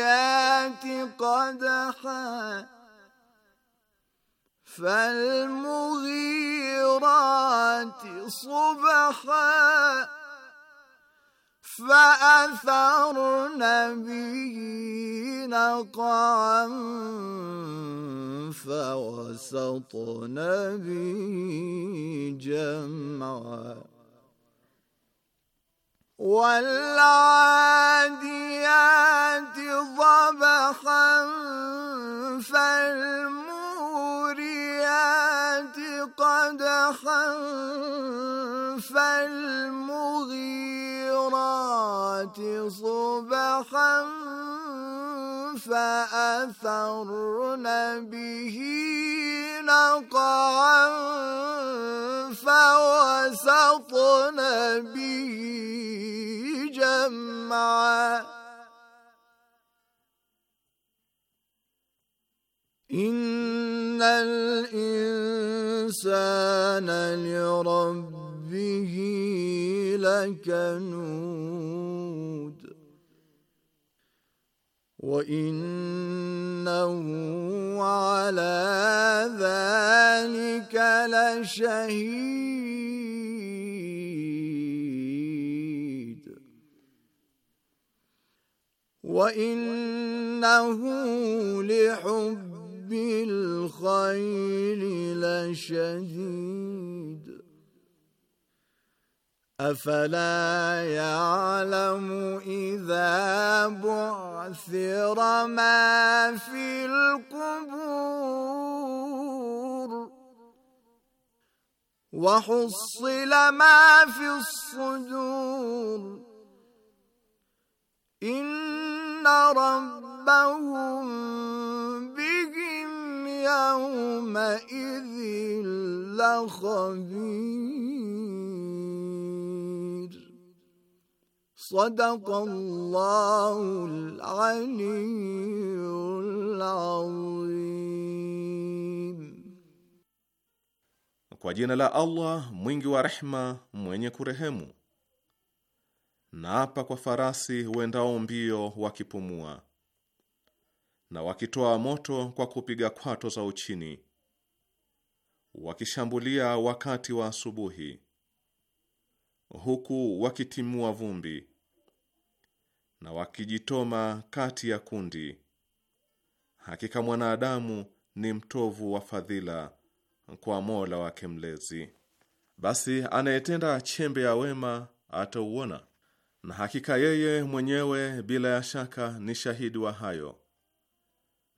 والموريات قدحا فالمغيرات صبحا فأثرن به نقعا فوسطن به جمعا والعاديات ضبخا فالموريات قدحا فالمغيرات صبحا فأثرن به نقعا فوسطن به جمعا إن الإنسان لربه لكنود وإنه على ذلك لشهيد وإنه لحب الخير لشديد أفلا يعلم إذا بعثر ما في القبور وحصل ما في الصدور إن ربهم بهم يومئذ لخبير صدق الله العلي العظيم Kwa jina la Allah mwingi wa rehma mwenye kurehemu. Naapa kwa farasi wendao mbio wakipumua na wakitoa moto kwa kupiga kwato za uchini, wakishambulia wakati wa asubuhi, huku wakitimua vumbi na wakijitoma kati ya kundi. Hakika mwanadamu ni mtovu wa fadhila kwa Mola wake Mlezi. Basi anayetenda chembe ya wema atauona, na hakika yeye mwenyewe bila ya shaka ni shahidi wa hayo,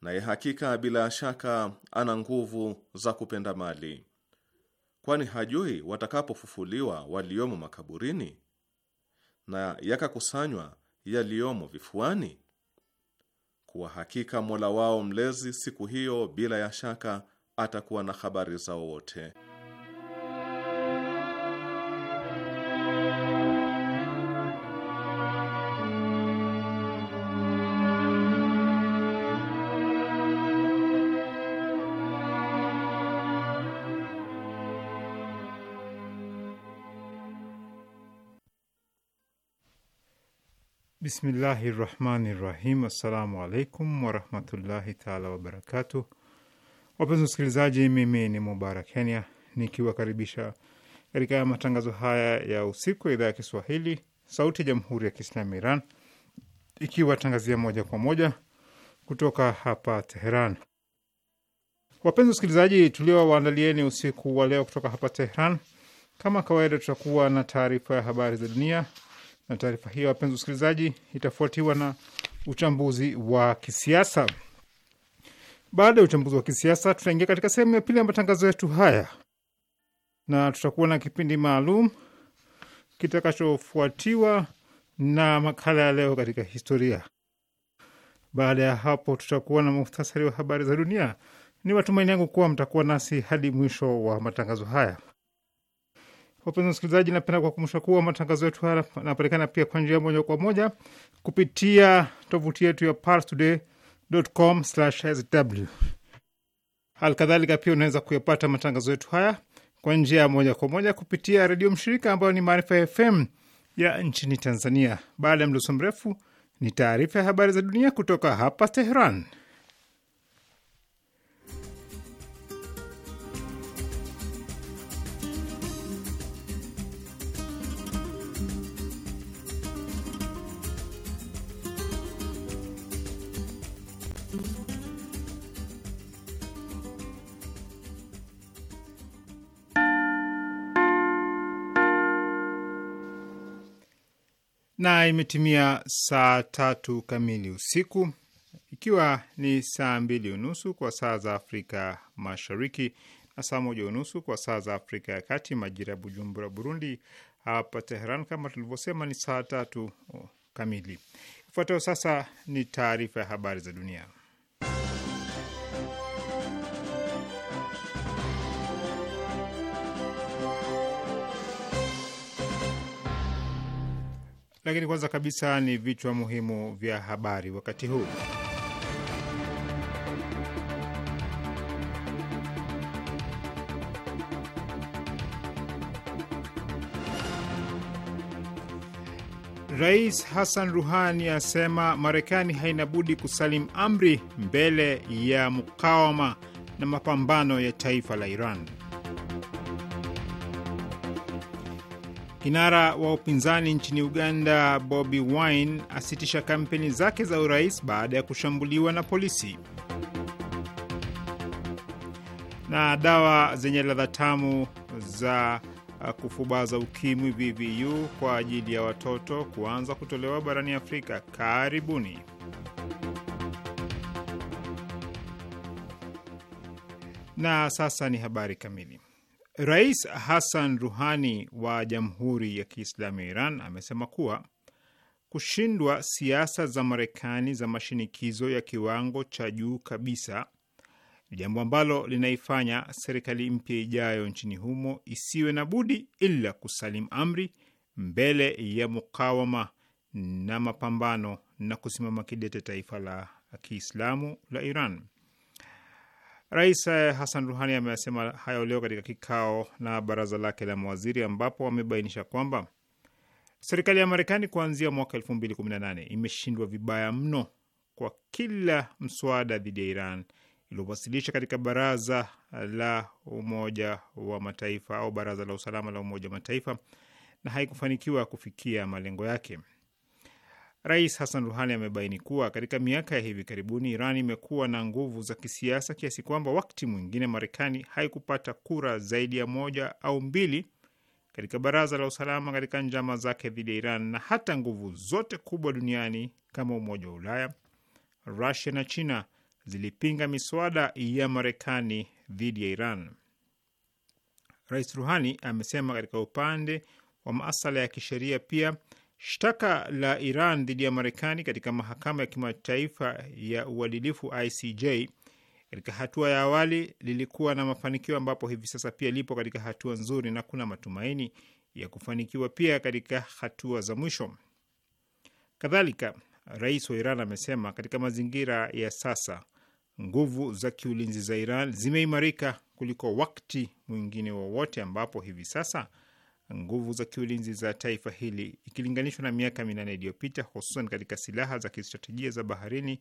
naye hakika bila ya shaka ana nguvu za kupenda mali, kwani hajui watakapofufuliwa waliomo makaburini na yakakusanywa yaliyomo vifuani? Kwa hakika Mola wao mlezi siku hiyo bila ya shaka atakuwa na habari zao wote. Bismillahi rahmani rahim. Assalamu alaikum warahmatullahi taala wabarakatuh. Wapenzi wasikilizaji, mimi ni Mubarak Kenya nikiwakaribisha katika matangazo haya ya usiku ya idhaa ya Kiswahili sauti ya jamhuri ya Kiislamu Iran ikiwatangazia moja kwa moja kutoka hapa Teheran. Wapenzi wasikilizaji, tuliowaandalieni usiku wa leo kutoka hapa Teheran, kama kawaida, tutakuwa na taarifa ya habari za dunia na taarifa hiyo, wapenzi wasikilizaji, itafuatiwa na uchambuzi wa kisiasa. Baada ya uchambuzi wa kisiasa, tutaingia katika sehemu ya pili ya matangazo yetu haya na tutakuwa na kipindi maalum kitakachofuatiwa na makala ya leo katika historia. Baada ya hapo, tutakuwa na muhtasari wa habari za dunia. Ni matumaini yangu kuwa mtakuwa nasi hadi mwisho wa matangazo haya. Wapenzi wasikilizaji, napenda kuwakumbusha kuwa matangazo yetu haya yanapatikana pia kwa njia moja kwa moja kupitia tovuti yetu ya parstoday.com/sw. Halikadhalika, pia unaweza kuyapata matangazo yetu haya kwa njia moja kwa moja kupitia redio mshirika ambayo ni Maarifa ya FM ya nchini Tanzania. Baada ya mdoso mrefu, ni taarifa ya habari za dunia kutoka hapa Teheran. na imetimia saa tatu kamili usiku, ikiwa ni saa mbili unusu kwa saa za Afrika Mashariki na saa moja unusu kwa saa za Afrika ya Kati, majira ya Bujumbura, Burundi. Hapa Teheran, kama tulivyosema, ni saa tatu kamili. Ifuatayo sasa ni taarifa ya habari za dunia. Lakini kwanza kabisa ni vichwa muhimu vya habari wakati huu. Rais Hassan Ruhani asema Marekani haina budi kusalim amri mbele ya mukawama na mapambano ya taifa la Iran. Kinara wa upinzani nchini Uganda Bobi Wine asitisha kampeni zake za urais baada ya kushambuliwa na polisi. Na dawa zenye ladha tamu za uh, kufubaza ukimwi VVU kwa ajili ya watoto kuanza kutolewa barani Afrika karibuni. Na sasa ni habari kamili. Rais Hassan Ruhani wa Jamhuri ya Kiislamu ya Iran amesema kuwa kushindwa siasa za Marekani za mashinikizo ya kiwango cha juu kabisa, jambo ambalo linaifanya serikali mpya ijayo nchini humo isiwe na budi ila kusalim amri mbele ya mukawama na mapambano na kusimama kidete taifa la Kiislamu la Iran. Rais eh, Hasan Ruhani amesema hayo leo katika kikao na baraza lake la mawaziri ambapo amebainisha kwamba serikali ya Marekani kuanzia mwaka 2018 imeshindwa vibaya mno kwa kila mswada dhidi ya Iran iliyowasilishwa katika baraza la Umoja wa Mataifa au baraza la usalama la Umoja wa Mataifa na haikufanikiwa kufikia malengo yake. Rais Hassan Ruhani amebaini kuwa katika miaka ya hivi karibuni Iran imekuwa na nguvu za kisiasa kiasi kwamba wakati mwingine Marekani haikupata kura zaidi ya moja au mbili katika Baraza la Usalama katika njama zake dhidi ya Iran, na hata nguvu zote kubwa duniani kama Umoja wa Ulaya, Rusia na China zilipinga miswada ya Marekani dhidi ya Iran. Rais Ruhani amesema katika upande wa masala ya kisheria pia Shtaka la Iran dhidi ya Marekani katika mahakama ya kimataifa ya uadilifu ICJ katika hatua ya awali lilikuwa na mafanikio ambapo hivi sasa pia lipo katika hatua nzuri na kuna matumaini ya kufanikiwa pia katika hatua za mwisho. Kadhalika, rais wa Iran amesema katika mazingira ya sasa nguvu za kiulinzi za Iran zimeimarika kuliko wakati mwingine wowote wa ambapo hivi sasa nguvu za kiulinzi za taifa hili ikilinganishwa na miaka minane iliyopita, hususan katika silaha za kistratejia za baharini,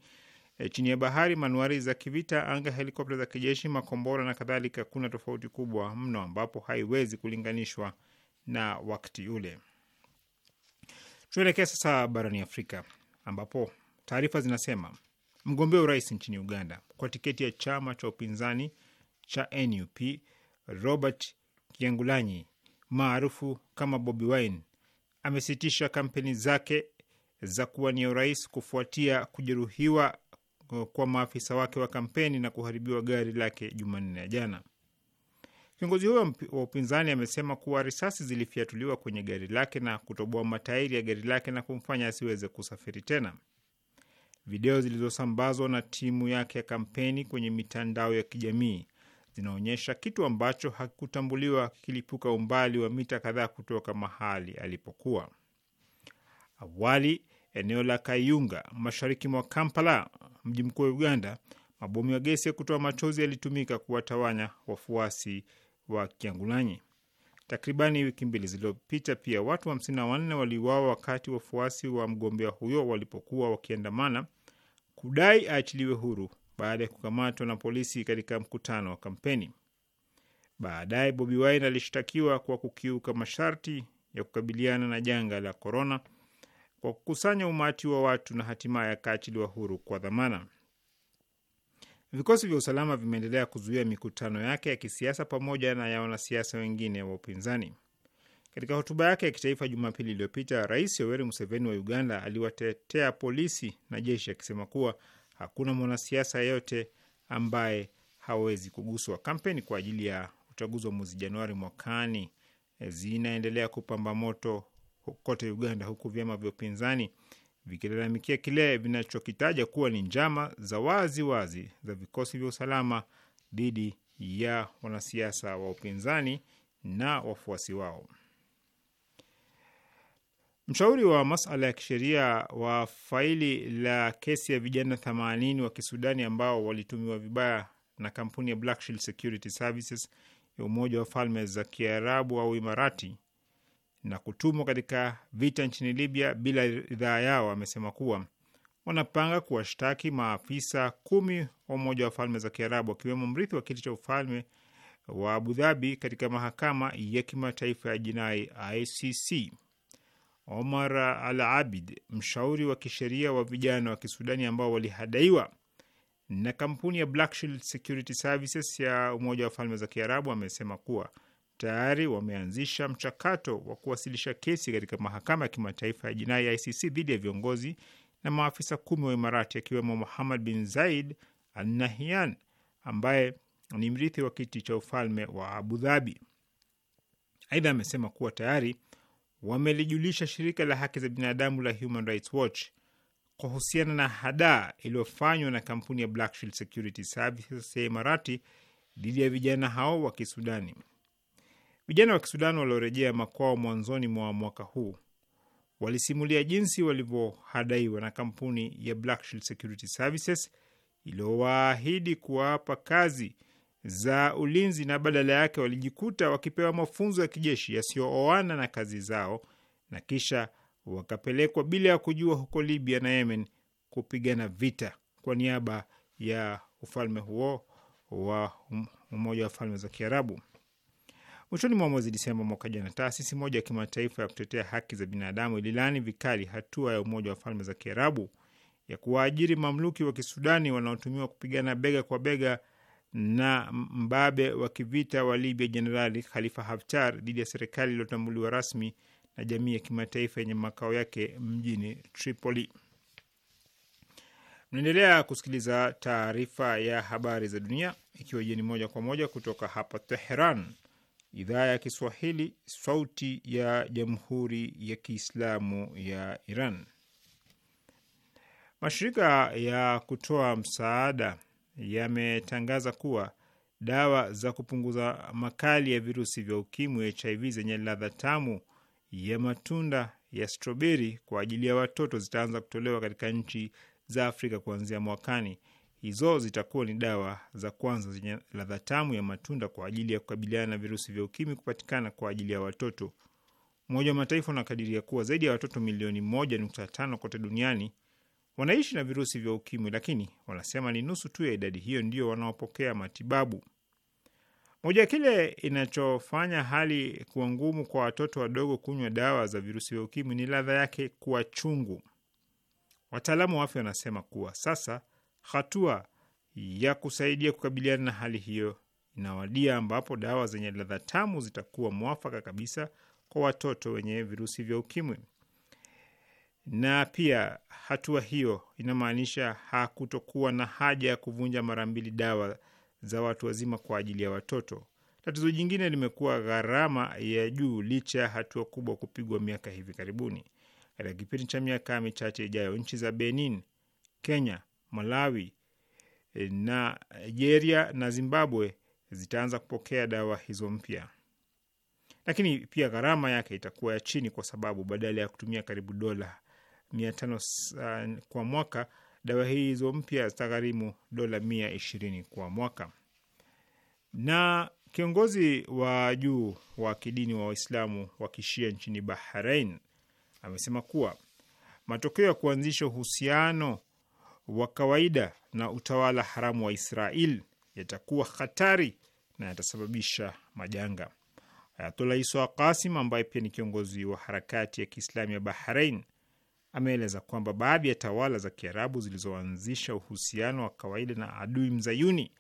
e, chini ya bahari, manuari za kivita, anga, helikopta za kijeshi, makombora na kadhalika. Kuna tofauti kubwa mno ambapo haiwezi kulinganishwa na wakati ule. Tuelekea sasa barani Afrika ambapo taarifa zinasema mgombea urais nchini Uganda kwa tiketi ya chama cha upinzani cha NUP Robert Kiangulanyi maarufu kama Bobi Wine amesitisha kampeni zake za kuwania urais kufuatia kujeruhiwa uh, kwa maafisa wake wa kampeni na kuharibiwa gari lake Jumanne ya jana. Kiongozi huyo wa upinzani amesema kuwa risasi zilifyatuliwa kwenye gari lake na kutoboa matairi ya gari lake na kumfanya asiweze kusafiri tena. Video zilizosambazwa na timu yake ya kampeni kwenye mitandao ya kijamii zinaonyesha kitu ambacho hakikutambuliwa kilipuka umbali wa mita kadhaa kutoka mahali alipokuwa. Awali, eneo la Kayunga mashariki mwa Kampala, mji mkuu wa Uganda, mabomu ya gesi ya kutoa machozi yalitumika kuwatawanya wafuasi wa Kiangulanyi. Takribani wiki mbili zilizopita, pia watu hamsini na wanne waliuawa wakati wafuasi wa mgombea huyo walipokuwa wakiandamana kudai aachiliwe huru baada ya kukamatwa na polisi katika mkutano wa kampeni. Baadaye Bobi Wine alishtakiwa kwa kukiuka masharti ya kukabiliana na janga la korona kwa kukusanya umati wa watu na hatimaye akaachiliwa huru kwa dhamana. Vikosi vya usalama vimeendelea kuzuia mikutano yake ya kisiasa pamoja na ya wanasiasa wengine wa upinzani. Katika hotuba yake ya kitaifa Jumapili iliyopita, Rais Yoweri Museveni wa Uganda aliwatetea polisi na jeshi akisema kuwa hakuna mwanasiasa yeyote ambaye hawezi kuguswa. Kampeni kwa ajili ya uchaguzi wa mwezi Januari mwakani eh, zinaendelea kupamba moto kote Uganda, huku vyama vya upinzani vikilalamikia kile vinachokitaja kuwa ni njama za wazi wazi za vikosi vya usalama dhidi ya wanasiasa wa upinzani na wafuasi wao. Mshauri wa masala ya kisheria wa faili la kesi ya vijana 80 wa Kisudani ambao walitumiwa vibaya na kampuni ya Black Shield Security Services ya Umoja wa Falme za Kiarabu au Imarati na kutumwa katika vita nchini Libya bila ridhaa yao, amesema kuwa wanapanga kuwashtaki maafisa kumi wa Umoja wa Falme za Kiarabu wakiwemo mrithi wa kiti cha ufalme wa Abu Dhabi katika mahakama ya kimataifa ya jinai ICC. Omar Al Abid, mshauri wa kisheria wa vijana wa Kisudani ambao walihadaiwa na kampuni ya Black Shield Security Services ya Umoja wa Falme za Kiarabu, amesema kuwa tayari wameanzisha mchakato wa kuwasilisha kesi katika mahakama ya kimataifa ya jinai ya ICC dhidi ya viongozi na maafisa kumi wa Imarati akiwemo Muhammad bin Zaid Al Nahyan ambaye ni mrithi wa kiti cha ufalme wa Abu Dhabi. Aidha amesema kuwa tayari wamelijulisha shirika la haki za binadamu la Human Rights Watch kuhusiana na hadaa iliyofanywa na kampuni ya Black Security Services ya Imarati dhidi ya vijana hao wa Kisudani. Vijana wa Kisudani waliorejea makwao mwanzoni mwa mwaka huu walisimulia jinsi walivyohadaiwa na kampuni ya Black Security Services iliyowaahidi kuwapa kazi za ulinzi na badala yake walijikuta wakipewa mafunzo ya kijeshi yasiyooana na kazi zao na kisha wakapelekwa bila ya kujua huko Libya na Yemen kupigana vita kwa niaba ya ufalme huo wa um, Umoja wa Falme za Kiarabu. Mwishoni mwa mwezi Disemba mwaka jana, taasisi moja ya kimataifa ya kutetea haki za binadamu ililaani vikali hatua ya Umoja wa Falme za Kiarabu ya kuwaajiri mamluki wa Kisudani wanaotumiwa kupigana bega kwa bega na mbabe wa kivita wa Libya Jenerali Khalifa Haftar dhidi ya serikali iliyotambuliwa rasmi na jamii ya kimataifa yenye makao yake mjini Tripoli. Mnaendelea kusikiliza taarifa ya habari za dunia, ikiwa jeni moja kwa moja kutoka hapa Teheran, idhaa ya Kiswahili, sauti ya jamhuri ya kiislamu ya Iran. Mashirika ya kutoa msaada yametangaza kuwa dawa za kupunguza makali ya virusi vya ukimwi HIV zenye ladha tamu ya matunda ya stroberi kwa ajili ya watoto zitaanza kutolewa katika nchi za Afrika kuanzia mwakani. Hizo zitakuwa ni dawa za kwanza zenye ladha tamu ya matunda kwa ajili ya kukabiliana na virusi vya ukimwi kupatikana kwa ajili ya watoto. Umoja wa Mataifa unakadiria kuwa zaidi ya watoto milioni moja nukta tano kote duniani wanaishi na virusi vya ukimwi, lakini wanasema ni nusu tu ya idadi hiyo ndio wanaopokea matibabu. Moja ya kile inachofanya hali kuwa ngumu kwa watoto wadogo kunywa dawa za virusi vya ukimwi ni ladha yake kuwa chungu. Wataalamu wa afya wanasema kuwa sasa hatua ya kusaidia kukabiliana na hali hiyo inawadia, ambapo dawa zenye ladha tamu zitakuwa mwafaka kabisa kwa watoto wenye virusi vya ukimwi na pia hatua hiyo inamaanisha hakutokuwa na haja ya kuvunja mara mbili dawa za watu wazima kwa ajili ya watoto. Tatizo jingine limekuwa gharama ya juu licha ya hatua kubwa kupigwa miaka hivi karibuni. Katika kipindi cha miaka michache ijayo, nchi za Benin, Kenya, Malawi, eh, Nigeria na Zimbabwe zitaanza kupokea dawa hizo mpya, lakini pia gharama yake itakuwa ya chini, kwa sababu badala ya kutumia karibu dola mia tano uh, kwa mwaka, dawa hizo mpya zitagharimu dola mia ishirini kwa mwaka. Na kiongozi wa juu wa kidini wa Waislamu wa kishia nchini Bahrain amesema kuwa matokeo ya kuanzisha uhusiano wa kawaida na utawala haramu wa Israel yatakuwa hatari na yatasababisha majanga. Ayatollah Isa Kasim ambaye pia ni kiongozi wa harakati ya Kiislamu ya Bahrain ameeleza kwamba baadhi ya tawala za Kiarabu zilizoanzisha uhusiano wa kawaida na adui mzayuni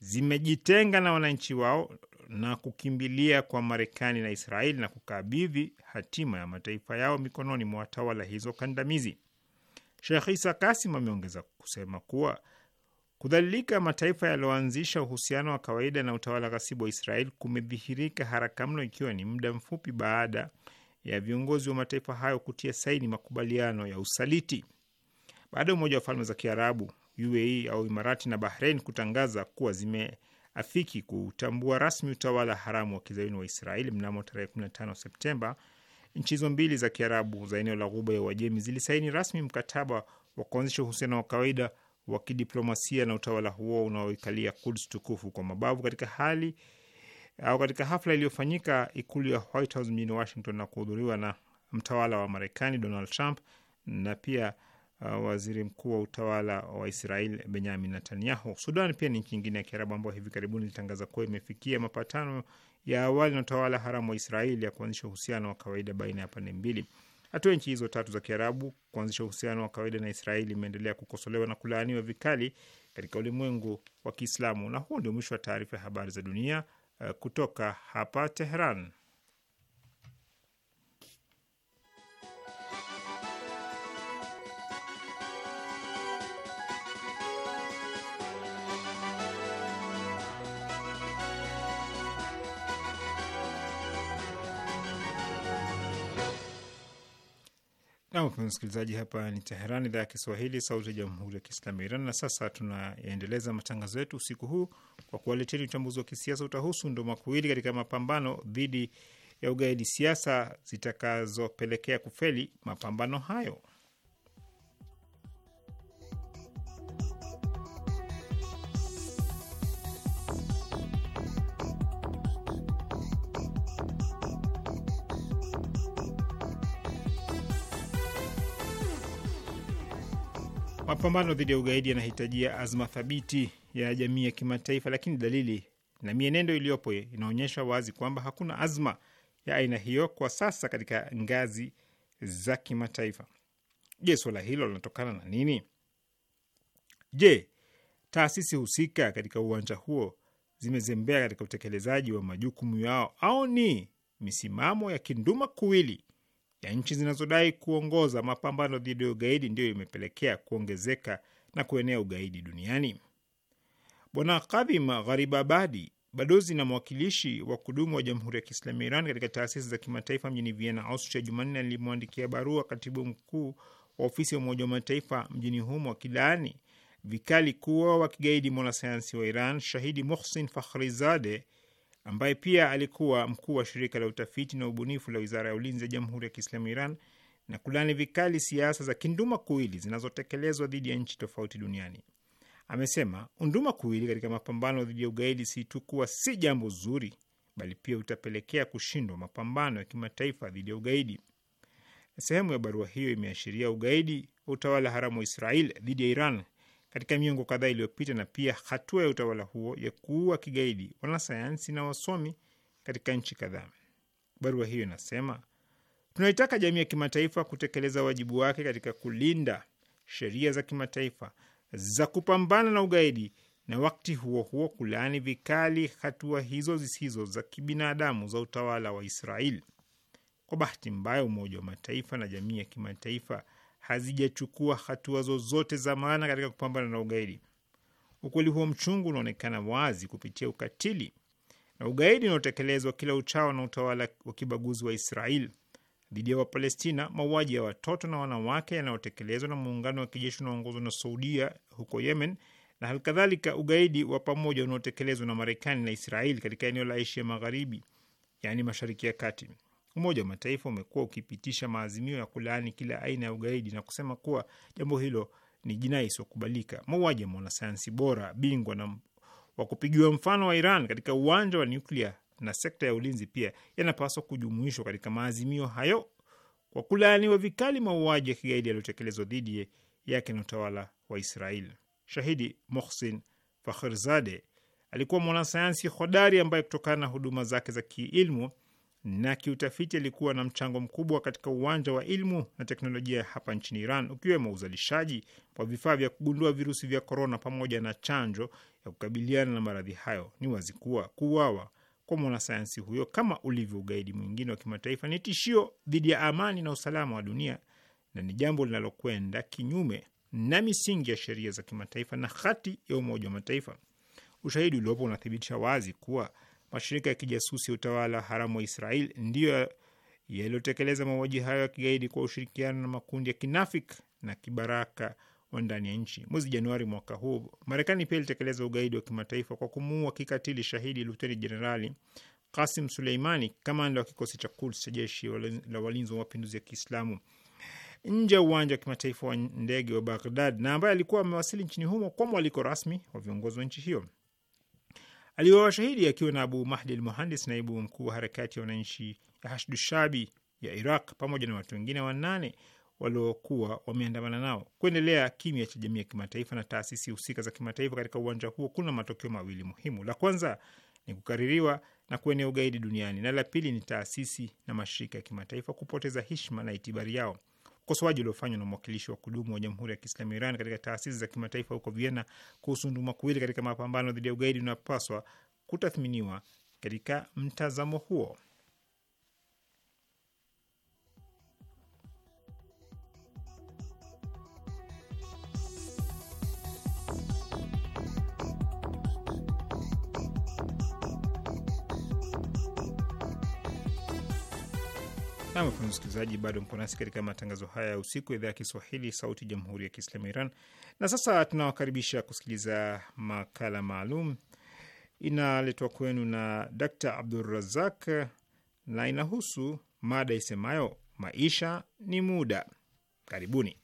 zimejitenga na wananchi wao na kukimbilia kwa Marekani na Israeli na kukabidhi hatima ya mataifa yao mikononi mwa tawala hizo kandamizi. Sheikh Isa Kasim ameongeza kusema kuwa kudhalilika mataifa yaliyoanzisha uhusiano wa kawaida na utawala ghasibu wa Israeli kumedhihirika haraka mno, ikiwa ni muda mfupi baada ya viongozi wa mataifa hayo kutia saini makubaliano ya usaliti baada ya Umoja wa Falme za Kiarabu UAE au Imarati na Bahrain kutangaza kuwa zimeafiki kutambua rasmi utawala haramu wa kizayuni wa Israeli mnamo tarehe 15 Septemba, nchi hizo mbili za Kiarabu za eneo la Ghuba ya Uajemi zilisaini rasmi mkataba wa kuanzisha uhusiano wa kawaida wa kidiplomasia na utawala huo unaoikalia Kuds tukufu kwa mabavu katika hali au katika hafla iliyofanyika ikulu ya White House mjini Washington na kuhudhuriwa na mtawala wa Marekani Donald Trump na pia uh, waziri mkuu wa utawala wa Israel Benyamin Netanyahu. Sudan pia ni nchi nyingine ya Kiarabu ambayo hivi karibuni ilitangaza kuwa imefikia mapatano ya awali na utawala haramu wa Israeli ya kuanzisha uhusiano wa kawaida baina ya pande mbili. Hatua nchi hizo tatu za Kiarabu kuanzisha uhusiano wa kawaida na Israeli imeendelea kukosolewa na kulaaniwa vikali katika ulimwengu wa Kiislamu. Na huo ndio mwisho wa taarifa ya habari za dunia Eh, kutoka hapa Tehran. Nampenza msikilizaji, hapa ni Teheran, idhaa ya Kiswahili, sauti ya jamhuri ya kiislamu ya Iran. Na sasa tunaendeleza matangazo yetu usiku huu kwa kuwaleteni uchambuzi wa kisiasa. Utahusu ndo makuwili katika mapambano dhidi ya ugaidi, siasa zitakazopelekea kufeli mapambano hayo. Mapambano dhidi ya ugaidi yanahitajia azma thabiti ya jamii ya kimataifa, lakini dalili na mienendo iliyopo inaonyesha wazi kwamba hakuna azma ya aina hiyo kwa sasa katika ngazi za kimataifa. Je, suala hilo linatokana na nini? Je, taasisi husika katika uwanja huo zimezembea katika utekelezaji wa majukumu yao au ni misimamo ya kinduma kuwili ya nchi zinazodai kuongoza mapambano dhidi ya ugaidi ndiyo imepelekea kuongezeka na kuenea ugaidi duniani. Bwana Kadhim Gharibabadi, balozi na mwakilishi wa kudumu wa Jamhuri ya Kiislamu ya Iran katika taasisi za kimataifa mjini Vienna, Austria, Jumanne alimwandikia barua katibu mkuu wa ofisi ya Umoja wa Mataifa mjini humo akilaani vikali kuwa wa kigaidi mwanasayansi wa Iran shahidi Muhsin fahrizade ambaye pia alikuwa mkuu wa shirika la utafiti na ubunifu la wizara ya ulinzi ya Jamhuri ya Kiislamu Iran na kulani vikali siasa za kinduma kuwili zinazotekelezwa dhidi ya nchi tofauti duniani. Amesema unduma kuwili katika mapambano dhidi ya ugaidi si tu kuwa si jambo zuri, bali pia utapelekea kushindwa mapambano ya kimataifa dhidi ya ugaidi. Sehemu ya barua hiyo imeashiria ugaidi wa utawala haramu wa Israel dhidi ya Iran katika miongo kadhaa iliyopita na pia hatua ya utawala huo ya kuua kigaidi wanasayansi na wasomi katika nchi kadhaa. Barua hiyo inasema, tunaitaka jamii ya kimataifa kutekeleza wajibu wake katika kulinda sheria za kimataifa za kupambana na ugaidi na wakati huo huo kulaani vikali hatua hizo zisizo za kibinadamu za utawala wa Israeli. Kwa bahati mbaya, Umoja wa Mataifa na jamii ya kimataifa hazijachukua hatua zozote za maana katika kupambana na ugaidi. Ukweli huo mchungu unaonekana wazi kupitia ukatili na ugaidi unaotekelezwa kila uchao na utawala wa kibaguzi wa Israel dhidi ya Wapalestina, mauaji ya watoto na wanawake yanayotekelezwa na muungano wa kijeshi unaoongozwa na Saudia huko Yemen, na halikadhalika ugaidi wa pamoja unaotekelezwa na Marekani na Israel katika eneo la Asia Magharibi, yaani Mashariki ya Kati. Umoja wa Mataifa umekuwa ukipitisha maazimio ya kulaani kila aina ya ugaidi na kusema kuwa jambo hilo ni jinai isiyokubalika. Mauaji ya mwanasayansi bora bingwa na wa kupigiwa mfano wa Iran katika uwanja wa nyuklia na sekta ya ulinzi pia yanapaswa kujumuishwa katika maazimio hayo kwa kulaaniwa vikali mauaji ya kigaidi yaliyotekelezwa dhidi yake na utawala wa Israeli. Shahidi Mohsin Fakhrizade alikuwa mwanasayansi hodari ambaye kutokana na huduma zake za kiilmu na kiutafiti alikuwa na mchango mkubwa katika uwanja wa ilmu na teknolojia hapa nchini Iran, ukiwemo uzalishaji wa vifaa vya kugundua virusi vya korona pamoja na chanjo ya kukabiliana na maradhi hayo. Ni wazi kuwa kuuawa kwa mwanasayansi huyo, kama ulivyo ugaidi mwingine wa kimataifa, ni tishio dhidi ya amani na usalama wa dunia na ni jambo linalokwenda kinyume na misingi ya sheria za kimataifa na hati ya Umoja wa Mataifa. Ushahidi uliopo unathibitisha wazi kuwa mashirika ya kijasusi ya utawala haramu wa Israel ndiyo yaliyotekeleza mauaji hayo ya kigaidi kwa ushirikiano na makundi ya kinafik na kibaraka wa ndani ya nchi. Mwezi Januari mwaka huu, Marekani pia ilitekeleza ugaidi wa kimataifa kwa kumuua kikatili shahidi Luteni Jenerali Kasim Suleimani, kamanda wa kikosi cha Kuds cha jeshi la walinzi wa mapinduzi ya Kiislamu nje ya uwanja wa kimataifa wa ndege wa Baghdad, na ambaye alikuwa amewasili nchini humo kwa mwaliko rasmi wa viongozi wa nchi hiyo aliwawashahidi akiwa na Abu Mahdi al Muhandis, naibu mkuu wa harakati ya wananchi ya Shabi ya Iraq, pamoja na watu wengine wanane waliokuwa wameandamana nao. Kuendelea kimya cha jamii ya kimataifa na taasisi husika za kimataifa katika uwanja huo kuna matokeo mawili muhimu. La kwanza ni kukaririwa na kuenea ugaidi duniani, na la pili ni taasisi na mashirika ya kimataifa kupoteza heshima na itibari yao ukosoaji uliofanywa na mwakilishi wa kudumu wa Jamhuri ya Kiislamu Iran katika taasisi za kimataifa huko Vienna kuhusu nduma kuwili katika mapambano dhidi ya ugaidi unapaswa kutathminiwa katika mtazamo huo. Nam wapenzi msikilizaji, bado mko nasi katika matangazo haya ya usiku ya idhaa ya Kiswahili sauti ya jamhuri ya kiislamu ya Iran. Na sasa tunawakaribisha kusikiliza makala maalum inaletwa kwenu na Dr Abdurazak na inahusu mada isemayo maisha ni muda. Karibuni.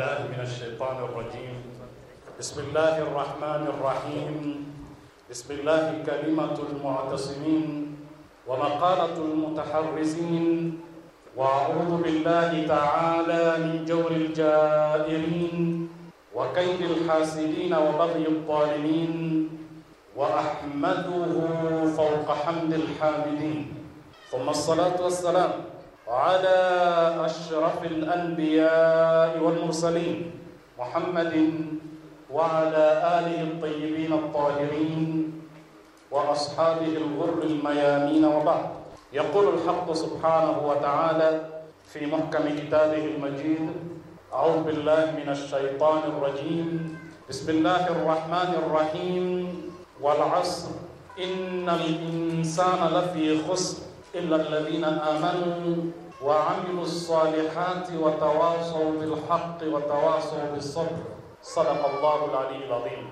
بالله من الشيطان الرجيم بسم الله الرحمن الرحيم بسم الله كلمة المعتصمين ومقالة المتحرزين وأعوذ بالله تعالى من جور الجائرين وكيد الحاسدين وبغي الظالمين وأحمده فوق حمد الحامدين ثم الصلاة والسلام وعلى أشرف الأنبياء والمرسلين محمد وعلى آله الطيبين الطاهرين وأصحابه الغر الميامين وبعد يقول الحق سبحانه وتعالى في محكم كتابه المجيد أعوذ بالله من الشيطان الرجيم بسم الله الرحمن الرحيم والعصر إن الإنسان لفي خسر إلا الذين آمنوا وعملوا الصالحات وتواصوا بالحق وتواصوا بالصبر. Sadaqa Allahu al-aliyyul adhim.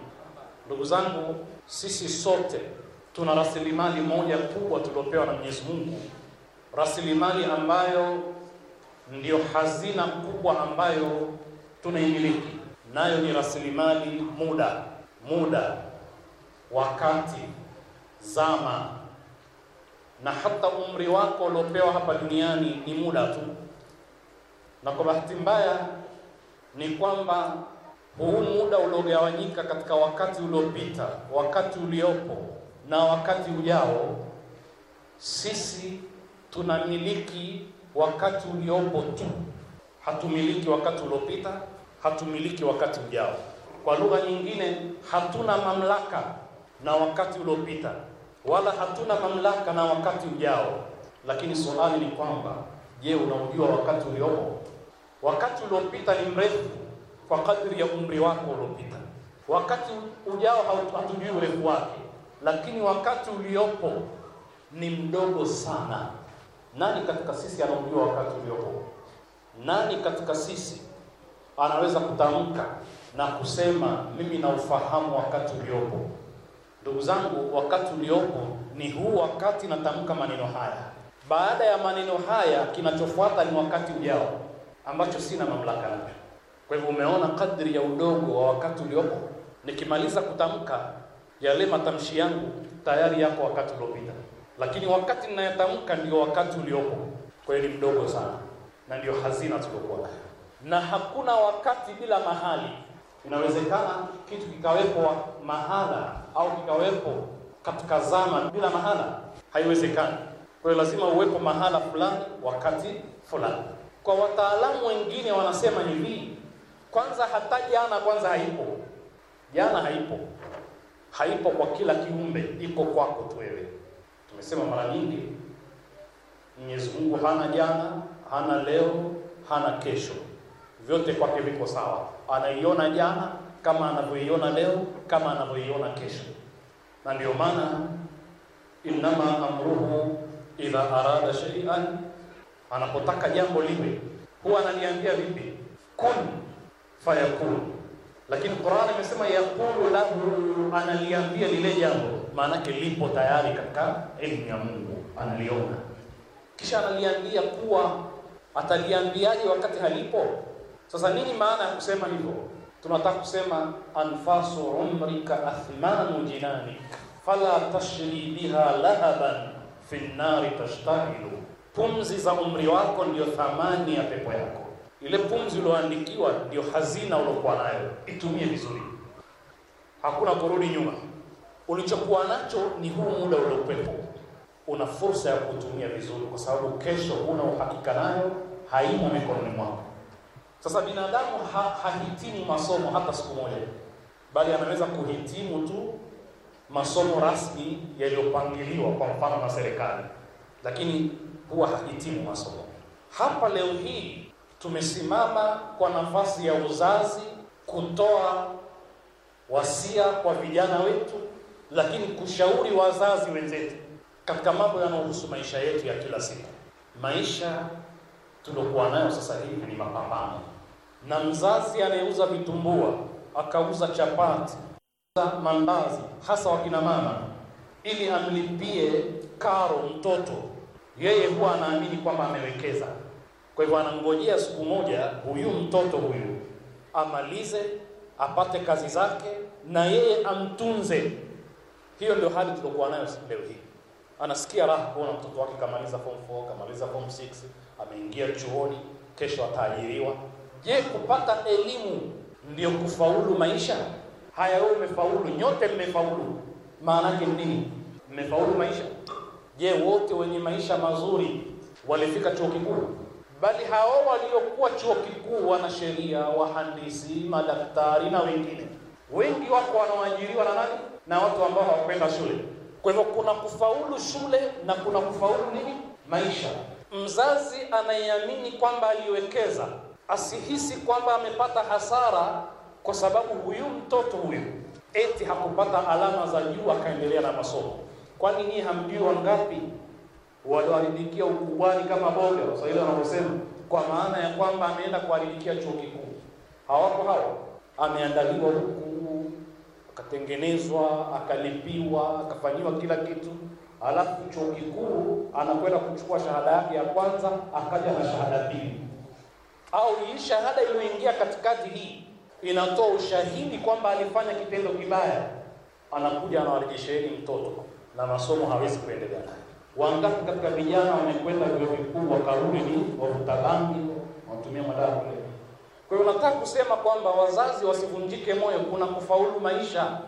Ndugu zangu, sisi sote tuna rasilimali moja kubwa tuliopewa na Mwenyezi Mungu, rasilimali ambayo ndiyo hazina kubwa ambayo tunaimiliki, nayo ni rasilimali muda, muda, wakati, zama na hata umri wako uliopewa hapa duniani ni muda tu, na kwa bahati mbaya ni kwamba huu muda uliogawanyika katika wakati uliopita, wakati uliopo na wakati ujao, sisi tunamiliki wakati uliopo tu, hatumiliki wakati uliopita, hatumiliki wakati ujao. Kwa lugha nyingine, hatuna mamlaka na wakati uliopita wala hatuna mamlaka na wakati ujao. Lakini swali ni kwamba, je, unaujua wakati uliopo? Wakati uliopita ni mrefu kwa kadri ya umri wako uliopita. Wakati ujao hatujui urefu wake, lakini wakati uliopo ni mdogo sana. Nani katika sisi anaujua wakati uliopo? Nani katika sisi anaweza kutamka na kusema mimi na ufahamu wakati uliopo? Ndugu zangu, wakati uliopo ni huu wakati natamka maneno haya. Baada ya maneno haya, kinachofuata ni wakati ujao, ambacho sina mamlaka nayo. Kwa hivyo, umeona kadri ya udogo wa wakati uliopo. Nikimaliza kutamka yale matamshi yangu, tayari yako wakati uliopita, lakini wakati ninayotamka ndio wakati uliopo. Kwa hiyo ni mdogo sana, na ndio hazina tuliokuwa nayo, na hakuna wakati bila mahali. Inawezekana kitu kikawepo mahala au kikawepo katika zama bila mahala, haiwezekani. Kwa hiyo lazima uwepo mahala fulani wakati fulani. Kwa wataalamu wengine wanasema hivi, kwanza hata jana kwanza haipo, jana haipo, haipo kwa kila kiumbe, iko kwako tu wewe. Tumesema mara nyingi, Mwenyezi Mungu hana jana, hana leo, hana kesho, vyote kwake viko sawa, anaiona jana kama anavyoiona leo, kama anavyoiona kesho. Na ndio maana innama amruhu idha arada shay'an, anapotaka jambo liwe huwa ananiambia vipi, kun fayakun. Lakini Qur'an imesema yaqulu lahu, analiambia lile jambo, maanake lipo tayari katika elimu ya Mungu, analiona kisha analiambia kuwa. Ataliambiaje wakati halipo? Sasa nini maana ya kusema hivyo? tunataka kusema anfasu umrika athmanu jinanik fala tashri biha lahaban fi nnari tashtahilu, pumzi za umri wako ndiyo thamani ya pepo yako. Ile pumzi ulioandikiwa ndiyo hazina uliokuwa nayo, itumie vizuri, hakuna kurudi nyuma. Ulichokuwa nacho ni huu muda uliopepo, una fursa ya kutumia vizuri, kwa sababu kesho huna uhakika nayo, haimo mikononi mwako. Sasa binadamu ha, hahitimu masomo hata siku moja, bali anaweza kuhitimu tu masomo rasmi yaliyopangiliwa kwa mfano na serikali, lakini huwa hahitimu masomo. Hapa leo hii tumesimama kwa nafasi ya uzazi kutoa wasia kwa vijana wetu, lakini kushauri wazazi wenzetu katika mambo yanayohusu maisha yetu ya kila siku, maisha tuliokuwa nayo sasa hivi ni mapambano, na mzazi anayeuza vitumbua akauza chapati mandazi, hasa wakina mama, ili amlipie karo mtoto, yeye huwa anaamini kwamba amewekeza. Kwa hivyo anangojea siku moja huyu mtoto huyu amalize, apate kazi zake, na yeye amtunze. Hiyo ndio hali tuliokuwa nayo leo hii. Anasikia raha kuona mtoto wake kamaliza form 4 kamaliza form 6 ameingia chuoni, kesho ataajiriwa. Je, kupata elimu ndiyo kufaulu maisha haya? Wewe umefaulu, nyote mmefaulu. Maana yake nini? Mmefaulu maisha. Je, wote wenye maisha mazuri walifika chuo kikuu? Bali hao waliokuwa chuo kikuu, wana sheria wahandisi, madaktari na wengine wengi wako wanaoajiriwa na nani? Na watu ambao hawakwenda shule. Kwa hivyo kuna kufaulu shule na kuna kufaulu nini? Maisha. Mzazi anayeamini kwamba aliwekeza asihisi kwamba amepata hasara, kwa sababu huyu mtoto huyu eti hakupata alama za juu akaendelea na masomo. Kwani nyinyi hamjui wangapi walioharibikia ukubwani kama boga, Waswahili wanavyosema, kwa maana ya kwamba ameenda kuharibikia chuo kikuu. Hawako hawa, ameandaliwa huku, akatengenezwa, akalipiwa, akafanyiwa kila kitu alafu chuo kikuu anakwenda kuchukua shahada yake ya kwanza, akaja na shahada pili, au hii shahada iliyoingia katikati hii inatoa ushahidi kwamba alifanya kitendo kibaya, anakuja anawarejesheni mtoto na masomo hawezi kuendelea. Wangapi katika vijana wamekwenda vyuo vikuu wakarudi ni wavuta bangi, wanatumia madawa kulevya. Kwa hiyo nataka kusema kwamba wazazi wasivunjike moyo, kuna kufaulu maisha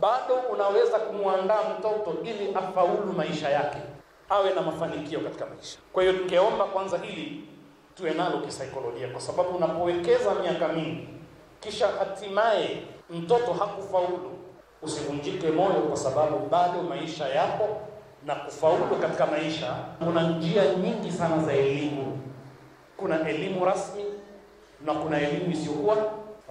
bado unaweza kumwandaa mtoto ili afaulu maisha yake, awe na mafanikio katika maisha. Kwa hiyo tungeomba kwanza hili tuwe nalo kisaikolojia, kwa sababu unapowekeza miaka mingi kisha hatimaye mtoto hakufaulu, usivunjike moyo, kwa sababu bado maisha yako na kufaulu katika maisha. Kuna njia nyingi sana za elimu, kuna elimu rasmi na kuna elimu isiyokuwa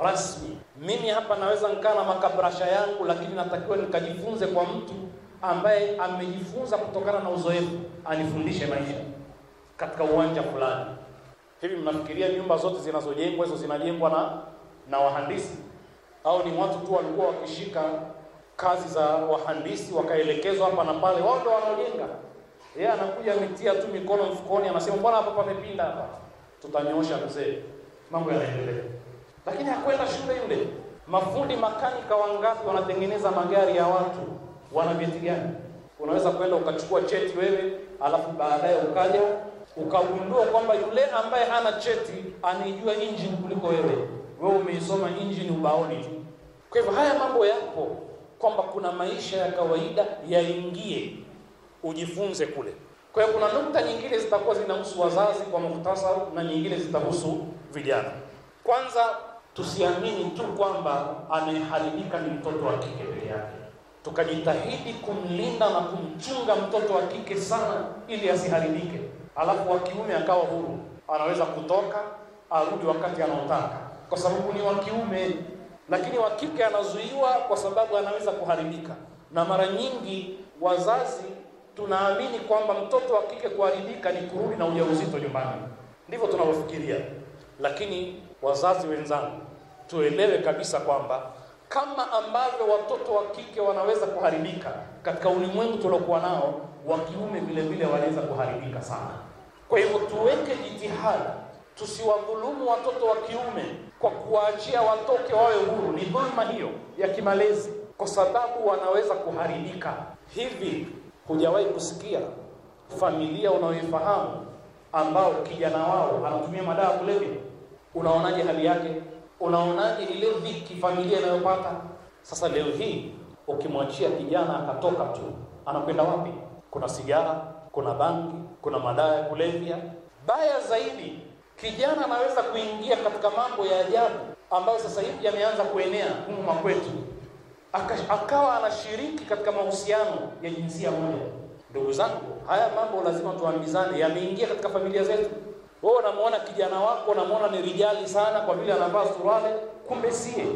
rasmi. Mimi hapa naweza nikaa na makabrasha yangu, lakini natakiwa nikajifunze kwa mtu ambaye amejifunza kutokana na uzoefu, anifundishe maisha katika uwanja fulani. Hivi mnafikiria nyumba zote zinazojengwa hizo zinajengwa na na wahandisi au ni watu tu walikuwa wakishika kazi za wahandisi wakaelekezwa hapa na pale, wao ndio wanaojenga? Yeye anakuja ametia tu mikono mfukoni, anasema mbona hapa pamepinda hapa, tutanyosha mzee, mambo yanaendelea lakini hakwenda shule yule. Mafundi makanika wangapi wanatengeneza magari ya watu, wana vyeti gani? Unaweza kwenda ukachukua cheti wewe, alafu baadaye ukaja ukagundua kwamba yule ambaye hana cheti anaijua injini kuliko wewe. Wewe umeisoma injini ubaoni tu. Kwa hivyo haya mambo yapo, kwamba kuna maisha ya kawaida yaingie, ujifunze kule. Kwa hiyo kuna nukta nyingine zitakuwa zinahusu wazazi kwa muhtasari, na nyingine zitahusu vijana. Kwanza tusiamini tu kwamba ameharibika ni mtoto wa kike peke yake, tukajitahidi kumlinda na kumchunga mtoto wa kike sana, ili asiharibike, alafu wa kiume akawa huru, anaweza kutoka arudi wakati anaotaka, kwa sababu ni wa kiume. Lakini wa kike anazuiwa kwa sababu anaweza kuharibika, na mara nyingi wazazi tunaamini kwamba mtoto wa kike kuharibika ni kurudi na ujauzito nyumbani, ndivyo tunavyofikiria. Lakini wazazi wenzangu tuelewe kabisa kwamba kama ambavyo watoto wa kike wanaweza kuharibika katika ulimwengu tuliokuwa nao, wa kiume vile vile wanaweza kuharibika sana. Kwa hivyo tuweke jitihada, tusiwadhulumu watoto wa kiume kwa kuwaachia watoke wawe huru. Ni dhulma hiyo ya kimalezi, kwa sababu wanaweza kuharibika. Hivi hujawahi kusikia familia unayoifahamu ambao kijana wao anatumia madawa kulevya? Unaonaje hali yake? unaonaje ile dhiki familia inayopata sasa? Leo hii ukimwachia kijana akatoka tu, anakwenda wapi? Kuna sigara, kuna bangi, kuna madawa ya kulevya. Baya zaidi, kijana anaweza kuingia katika mambo ya ajabu ambayo sasa hivi yameanza kuenea humu makwetu, akawa anashiriki katika mahusiano ya jinsia moja. Ndugu zangu, haya mambo lazima tuambizane, yameingia katika familia zetu wewe unamwona kijana wako unamwona ni rijali sana kwa vile anavaa suruali, kumbe sie,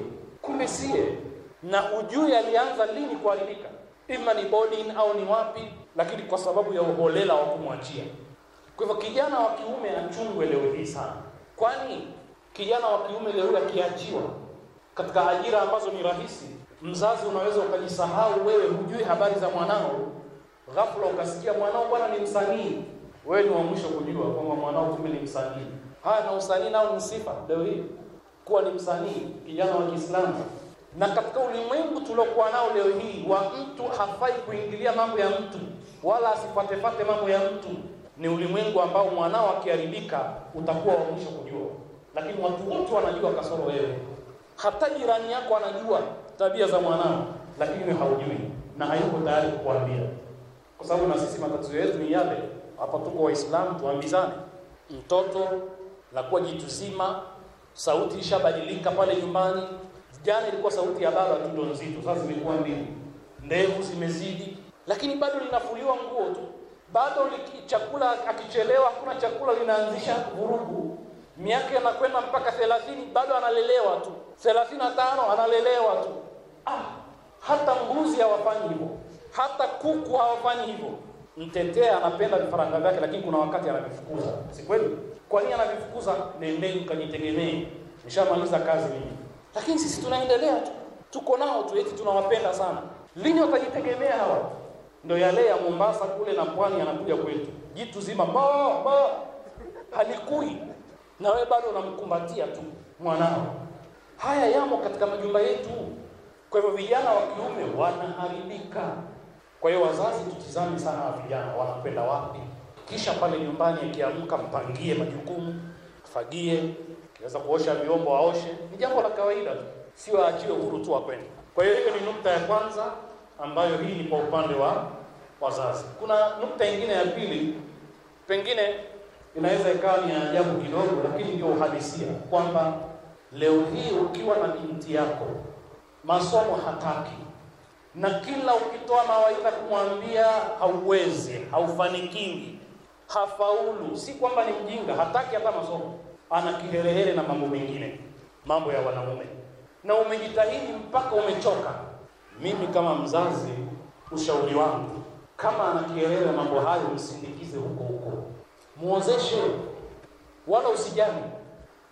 kumbe sie, na ujui alianza lini kuharibika, ima ni boarding au ni wapi, lakini kwa sababu ya uholela wa kumwachia. Kwa hivyo kijana wa kiume achungwe leo hii sana, kwani kijana wa kiume leo hii akiachiwa katika ajira ambazo ni rahisi, mzazi unaweza ukajisahau wewe, hujui habari za mwanao, ghafla ukasikia mwanao bwana ni msanii wewe ni wa mwisho kujua kwamba mwanao kumbe ni msanii. Haya, na usanii nao ni sifa leo hii, kuwa ni msanii kijana wa Kiislamu. Na katika ulimwengu tuliokuwa nao leo hii, wa mtu hafai kuingilia mambo ya mtu wala asipatepate mambo ya mtu, ni ulimwengu ambao mwanao akiharibika utakuwa wa mwisho kujua, lakini watu wote wanajua kasoro wewe. Hata jirani yako anajua tabia za mwanao, lakini haujui na hayuko tayari kukuambia, kwa sababu na sisi matatizo yetu ni yale hapa tuko waislamu tuambizane mtoto na jitu zima sauti ishabadilika pale nyumbani jana ilikuwa sauti ya baba tu ndo nzito sasa zimekuwa mbili ndevu zimezidi lakini bado linafuliwa nguo tu bado chakula akichelewa hakuna chakula linaanzisha vurugu miaka inakwenda mpaka thelathini bado analelewa tu thelathini na tano analelewa tu ah, hata mbuzi hawafanyi hivyo hata kuku hawafanyi hivyo mtetea anapenda vifaranga vyake, lakini kuna wakati anavifukuza, si kweli? Kwa nini anavifukuza? Nendeni mkajitegemee, nishamaliza kazi mimi. Lakini sisi tunaendelea tu, tuko nao tu, eti tunawapenda sana. Lini watajitegemea hawa? Ndio yale ya Mombasa kule na pwani, yanakuja kwetu, jitu zima ba ba halikui, na wewe bado unamkumbatia tu mwanao. Haya yamo katika majumba yetu. Kwa hivyo vijana wa kiume wanaharibika. Kwa hiyo wazazi, tutizame sana vijana wanakwenda wapi, kisha pale nyumbani akiamka, mpangie majukumu, fagie, kiweza kuosha vyombo aoshe. Ni jambo la kawaida, sio aachiwe uhuru tu akwenda. Kwa hiyo hiyo ni nukta ya kwanza ambayo hii ni kwa upande wa wazazi. Kuna nukta nyingine ya pili, pengine inaweza ikawa ni ajabu kidogo, lakini ndio uhalisia kwamba leo hii ukiwa na binti yako masomo hataki na kila ukitoa mawaidha kumwambia hauwezi, haufanikiwi, hafaulu, si kwamba ni mjinga, hataki hata masomo, ana kiherehere na mambo mengine, mambo ya wanaume, na umejitahidi mpaka umechoka. Mimi kama mzazi, ushauri wangu, kama ana kiherehere na mambo hayo, msindikize huko huko, muozeshe, wala usijani,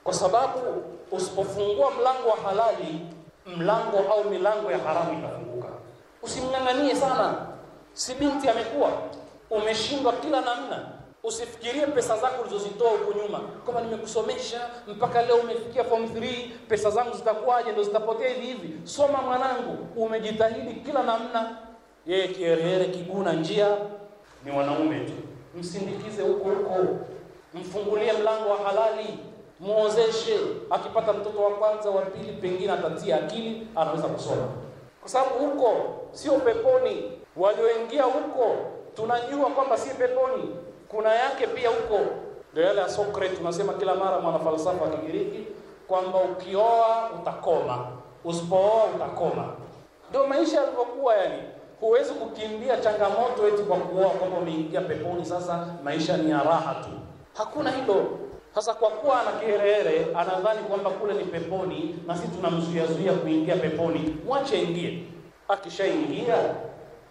kwa sababu usipofungua mlango wa halali, mlango au milango ya haramu usimnanganie sana si binti amekuwa umeshindwa kila namna usifikirie pesa zako ulizozitoa huko nyuma kama nimekusomesha mpaka leo umefikia form 3 pesa zangu zitakuwaje ndo zitapotea hivi hivi soma mwanangu umejitahidi kila namna yeye kiherehere kiguna njia ni wanaume tu msindikize huko huko mfungulie mlango wa halali muozeshe akipata mtoto wa kwanza wa pili pengine atatia akili anaweza kusoma kwa sababu huko sio peponi. Walioingia huko tunajua kwamba si peponi, kuna yake pia huko. Ndio yale ya Socrates, tunasema kila mara mwanafalsafa wa Kigiriki kwamba ukioa utakoma, usipooa utakoma. Ndio maisha yalivyokuwa, yani huwezi kukimbia changamoto eti kwa kuoa kwamba umeingia peponi, sasa maisha ni ya raha tu. Hakuna hilo. Sasa kwa kuwa ana kiherehere, anadhani kwamba kule ni peponi na sisi tunamzuiazuia kuingia peponi, mwache ingie akishaingia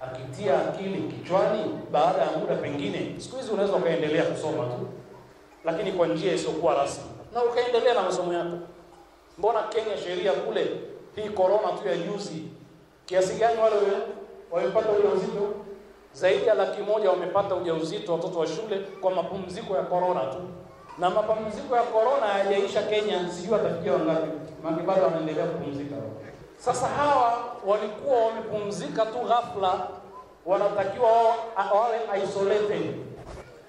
akitia akili kichwani, baada ya muda pengine, siku hizi unaweza ukaendelea kusoma tu, lakini kwa njia isiyokuwa rasmi, na ukaendelea na masomo yako. Mbona Kenya sheria kule, hii corona tu ya juzi, kiasi gani wale wamepata ujauzito zaidi ya laki moja wamepata ujauzito watoto wa shule kwa mapumziko ya corona tu, na mapumziko ya corona hayajaisha Kenya, sijui atafikia wangapi, maana bado wanaendelea kupumzika. Sasa hawa walikuwa wamepumzika tu ghafla, wanatakiwa wawe isolated,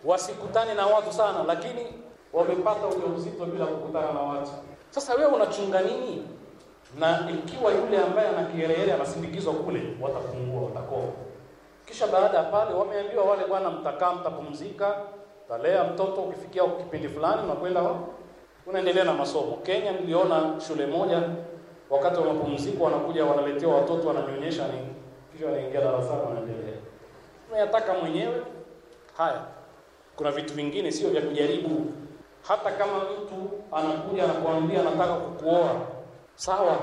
wasikutane na watu sana, lakini wamepata ujauzito bila kukutana na watu. Sasa wewe unachunga nini? Na ikiwa yule ambaye ana anasindikizwa kule, watafungua watakoa. Kisha baada ya pale, wameambiwa wale, bwana, mtakaa, mtapumzika, talea mtoto, ukifikia kipindi fulani unakwenda unaendelea na masomo. Kenya niliona shule moja wakati wa mapumziko wanakuja wanaletea watoto wananyonyesha ni kisha wanaingia darasani wanaendelea. Unayataka mwenyewe haya. Kuna vitu vingine sio vya kujaribu. Hata kama mtu anakuja anakuambia anataka kukuoa, sawa,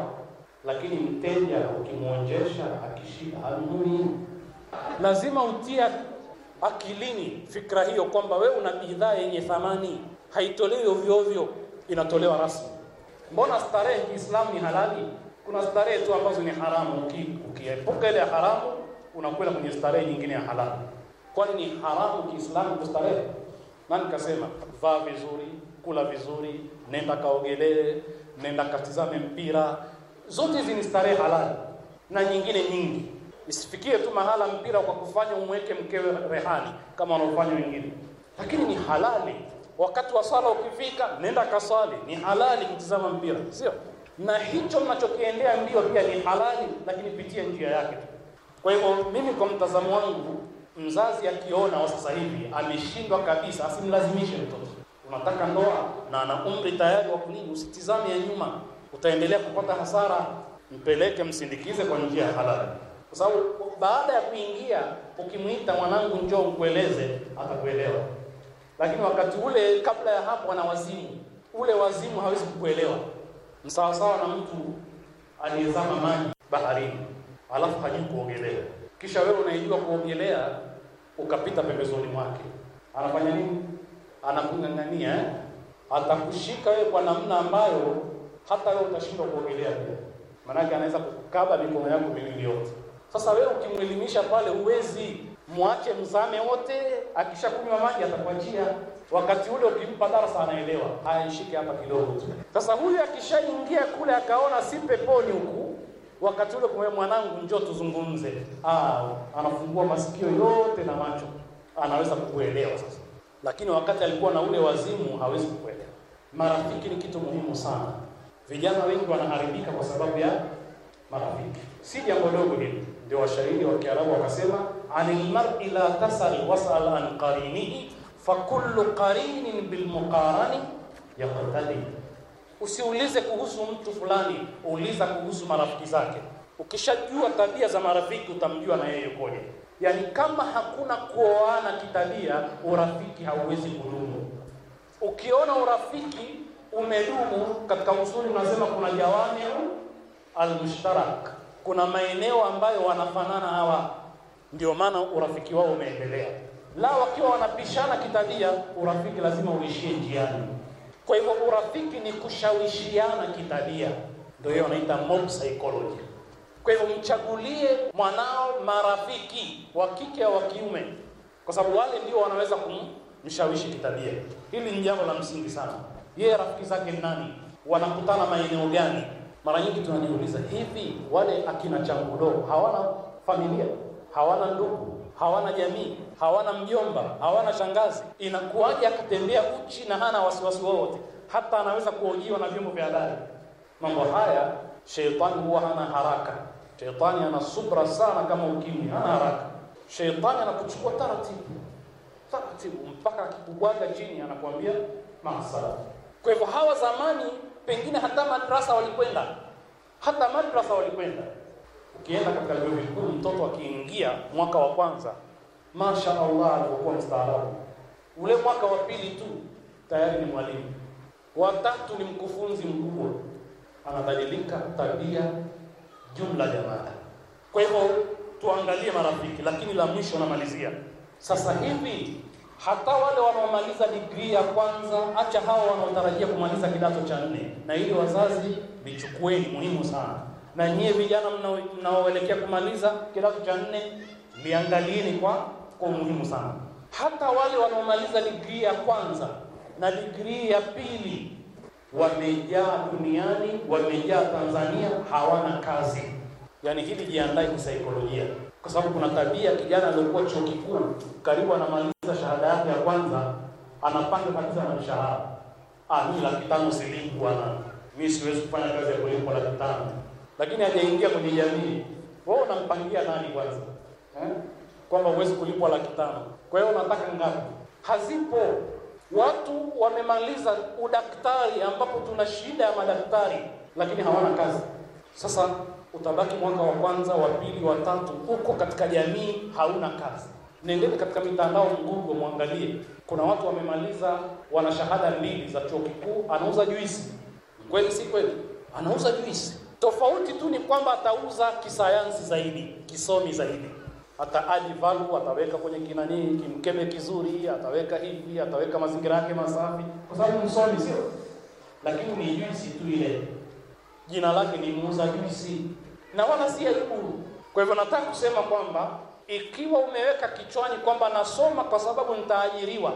lakini mteja ukimwonjesha akishika hanunui. Lazima utia akilini fikra hiyo kwamba we una bidhaa yenye thamani, haitolewi ovyo ovyo, inatolewa rasmi. Mbona starehe Kiislamu ni halali? Kuna starehe tu ambazo ni haramu. Ukiepuka ile haramu, unakwenda kwenye starehe nyingine ya halali. Kwani ni haramu Kiislamu kustarehe? Nani kasema? Vaa vizuri, kula vizuri, nenda kaogelee, nenda katizame mpira. Zote hizi ni starehe halali na nyingine nyingi. Isifikie tu mahala mpira kwa kufanya umweke mkewe rehani kama wanaofanya wengine, lakini ni halali. Wakati wa sala ukifika, nenda kasali. Ni halali kutizama mpira, sio? Na hicho mnachokiendea ndio pia ni halali, lakini pitia njia yake tu. Kwa hivyo mimi, kwa mtazamo wangu, mzazi akiona wa sasa hivi ameshindwa kabisa, asimlazimishe mtoto. Unataka ndoa na ana umri tayari wa kunini, usitizame ya nyuma, utaendelea kupata hasara. Mpeleke, msindikize kwa njia ya halali, kwa sababu baada ya kuingia, ukimwita mwanangu, njoo ukueleze atakuelewa lakini wakati ule kabla ya hapo ana wazimu ule wazimu hawezi kukuelewa msawasawa na mtu aliyezama maji baharini alafu hajui kuogelea kisha wewe unaijua kuogelea ukapita pembezoni mwake anafanya nini anakung'ang'ania eh? atakushika wewe kwa namna ambayo hata wewe utashindwa kuogelea pia maanake anaweza kukaba mikono yako miwili yote sasa wewe ukimwelimisha pale huwezi mwache mzame wote, akishakunywa maji atakuachia. Wakati ule ukimpa darasa anaelewa, haya nishike hapa kidogo Sasa huyu akishaingia kule akaona si peponi huku, wakati ule kumwambia mwanangu, njoo tuzungumze. Ah, anafungua masikio yote na macho, anaweza kukuelewa sasa. Lakini wakati alikuwa na ule wazimu hawezi kukuelewa. Marafiki ni kitu muhimu sana. Vijana wengi wanaharibika kwa sababu ya marafiki, si jambo dogo hili. Ndio washairi wa Kiarabu wakasema anil mar'i la tasal was'al an qarinihi fa kullu qarinin bil muqarani yaqtadi, usiulize kuhusu mtu fulani, uliza kuhusu marafiki zake. Ukishajua tabia za marafiki utamjua na yeye koje. Yaani, kama hakuna kuoana kitabia, urafiki hauwezi kudumu. Ukiona urafiki umedumu katika usuli, unasema kuna jawamiu almushtarak, kuna maeneo ambayo wanafanana hawa ndio maana urafiki wao umeendelea. La, wakiwa wanapishana kitabia, urafiki lazima uishie njiani. Kwa hivyo urafiki ni kushawishiana kitabia, ndio hiyo wanaita mob psychology. Kwa hivyo mchagulie mwanao marafiki wa kike au wa kiume, kwa sababu wale ndio wanaweza kumshawishi kitabia. Hili ni jambo la msingi sana. Yeye rafiki zake ni nani? Wanakutana maeneo gani? Mara nyingi tunajiuliza hivi, wale akina Changudo hawana familia? hawana ndugu, hawana jamii, hawana mjomba, hawana shangazi. Inakuwaje akatembea uchi na hana wasiwasi wowote, hata anaweza kuojiwa na vyombo vya habari? Mambo haya sheitani huwa hana haraka. Sheitani ana subra sana, kama ukimwi, hana haraka. Sheitani anakuchukua taratibu taratibu, mpaka akikubwaga chini anakuambia maasala. Kwa hivyo hawa zamani pengine hata madrasa walikwenda, hata madrasa walikwenda ukienda katika vyuo vikuu mtoto akiingia mwaka wa kwanza masha Allah alikuwa mstaarabu ule mwaka wa pili tu tayari ni mwalimu wa tatu ni mkufunzi mkubwa anabadilika tabia jumla jamaa kwa hivyo tuangalie marafiki lakini la mwisho namalizia sasa hivi hata wale wanaomaliza digrii ya kwanza acha hao wanaotarajia kumaliza kidato cha nne na ili wazazi vichukueni muhimu sana na nyie vijana mnaoelekea kumaliza kidato cha nne liangalieni kwa kwa umuhimu sana. Hata wale wanaomaliza digrii ya kwanza na digrii ya pili wamejaa duniani, wamejaa Tanzania, hawana kazi. Yaani hili jiandae kisaikolojia, kwa sababu kuna tabia kijana aliyokuwa chuo kikuu karibu anamaliza shahada yake ya kwanza, anapanga kabisa na mshahara, ah, mimi laki tano bwana, mimi siwezi kufanya kazi ya kulipwa laki tano lakini hajaingia kwenye jamii. Wewe unampangia nani kwanza eh? Kwamba huwezi kulipwa laki tano, kwa hiyo unataka ngapi? Hazipo. Watu wamemaliza udaktari, ambapo tuna shida ya madaktari, lakini hawana kazi. Sasa utabaki mwaka wa kwanza, wa pili, wa tatu, huko katika jamii hauna kazi. Nendeni katika mitandao Google, mwangalie, kuna watu wamemaliza, wana shahada mbili za chuo kikuu, anauza juisi. Kweli si kweli? Anauza juisi Tofauti tu ni kwamba atauza kisayansi zaidi, kisomi zaidi, hata ali value ataweka kwenye kinani kimkeme kizuri, ataweka hivi, ataweka mazingira yake masafi, kwa sababu msomi sio, lakini ni juisi tu ile, jina lake ni muuza juisi, na wala si aibu. Kwa hivyo nataka kusema kwamba ikiwa umeweka kichwani kwamba nasoma kwa sababu nitaajiriwa,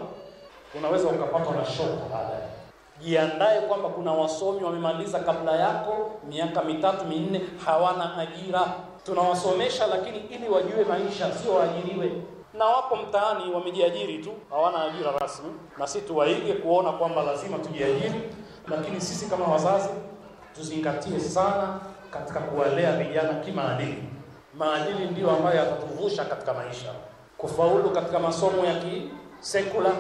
unaweza ukapatwa na shoko baadaye jiandae kwamba kuna wasomi wamemaliza kabla yako miaka mitatu minne, hawana ajira. Tunawasomesha lakini ili wajue maisha, sio waajiriwe. Na wapo mtaani wamejiajiri tu, hawana ajira rasmi, na sisi tuwaige kuona kwamba lazima tujiajiri. Lakini sisi kama wazazi tuzingatie sana katika kuwalea vijana kimaadili. Maadili ndiyo ambayo yatatuvusha katika maisha, kufaulu katika masomo ya kisekula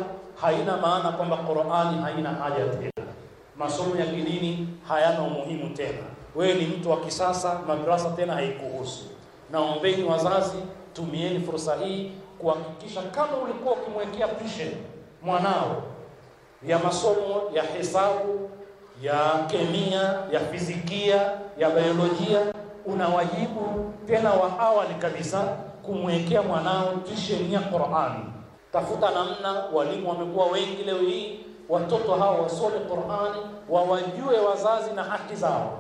haina maana kwamba Qur'ani haina haja tena, masomo ya kidini hayana umuhimu tena. Wewe ni mtu wa kisasa, madrasa tena haikuhusu. Naombeni wazazi, tumieni fursa hii kuhakikisha kama ulikuwa ukimwekea vision mwanao ya masomo ya hesabu ya kemia ya fizikia ya biolojia, una wajibu tena wa awali kabisa kumwekea mwanao vision ya Qur'ani tafuta namna. Walimu wamekuwa wengi leo hii, watoto hao wasome Qur'ani, wawajue wazazi na haki zao,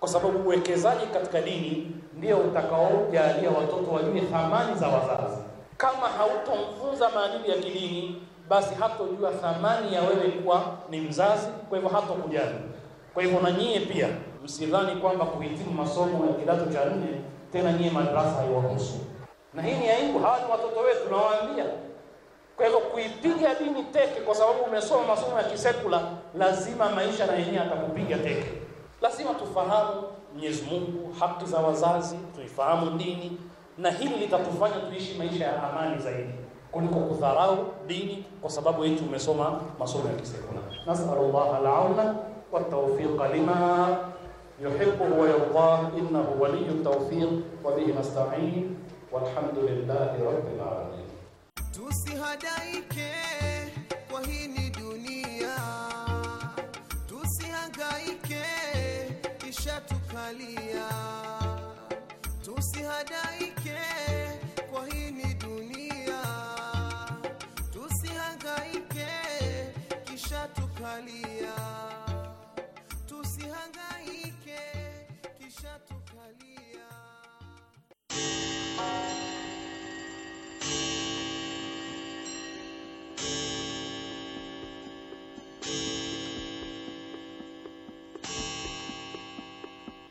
kwa sababu uwekezaji katika dini ndio utakaojalia watoto wajue thamani za wazazi. Kama hautomfunza maadili ya kidini, basi hatojua thamani ya wewe kuwa ni mzazi, kwa hivyo hatokujali. Kwa hivyo na nyie pia msidhani kwamba kuhitimu masomo ya kidato cha nne tena nyie madrasa haiwahusu, na hii ni aibu. Hawa ni watoto wetu, tunawaambia kwa hivyo kuipiga dini teke kwa sababu umesoma masomo ya kisekula, lazima maisha na yenyewe atakupiga teke. Lazima tufahamu Mwenyezi Mungu, haki za wazazi, tuifahamu dini, na hili litatufanya tuishi maisha ya amani zaidi kuliko kudharau dini kwa sababu eti umesoma masomo ya kisekula. Nasallallahu al-auna tawfiqa lima yuhibbu wa yardah, innahu waliyyu tawfiq wa bihi nasta'in, walhamdulillahi rabbil alamin. Tusihadaike kwa hii ni dunia, tusihangaike kisha tukalia, tusihadaike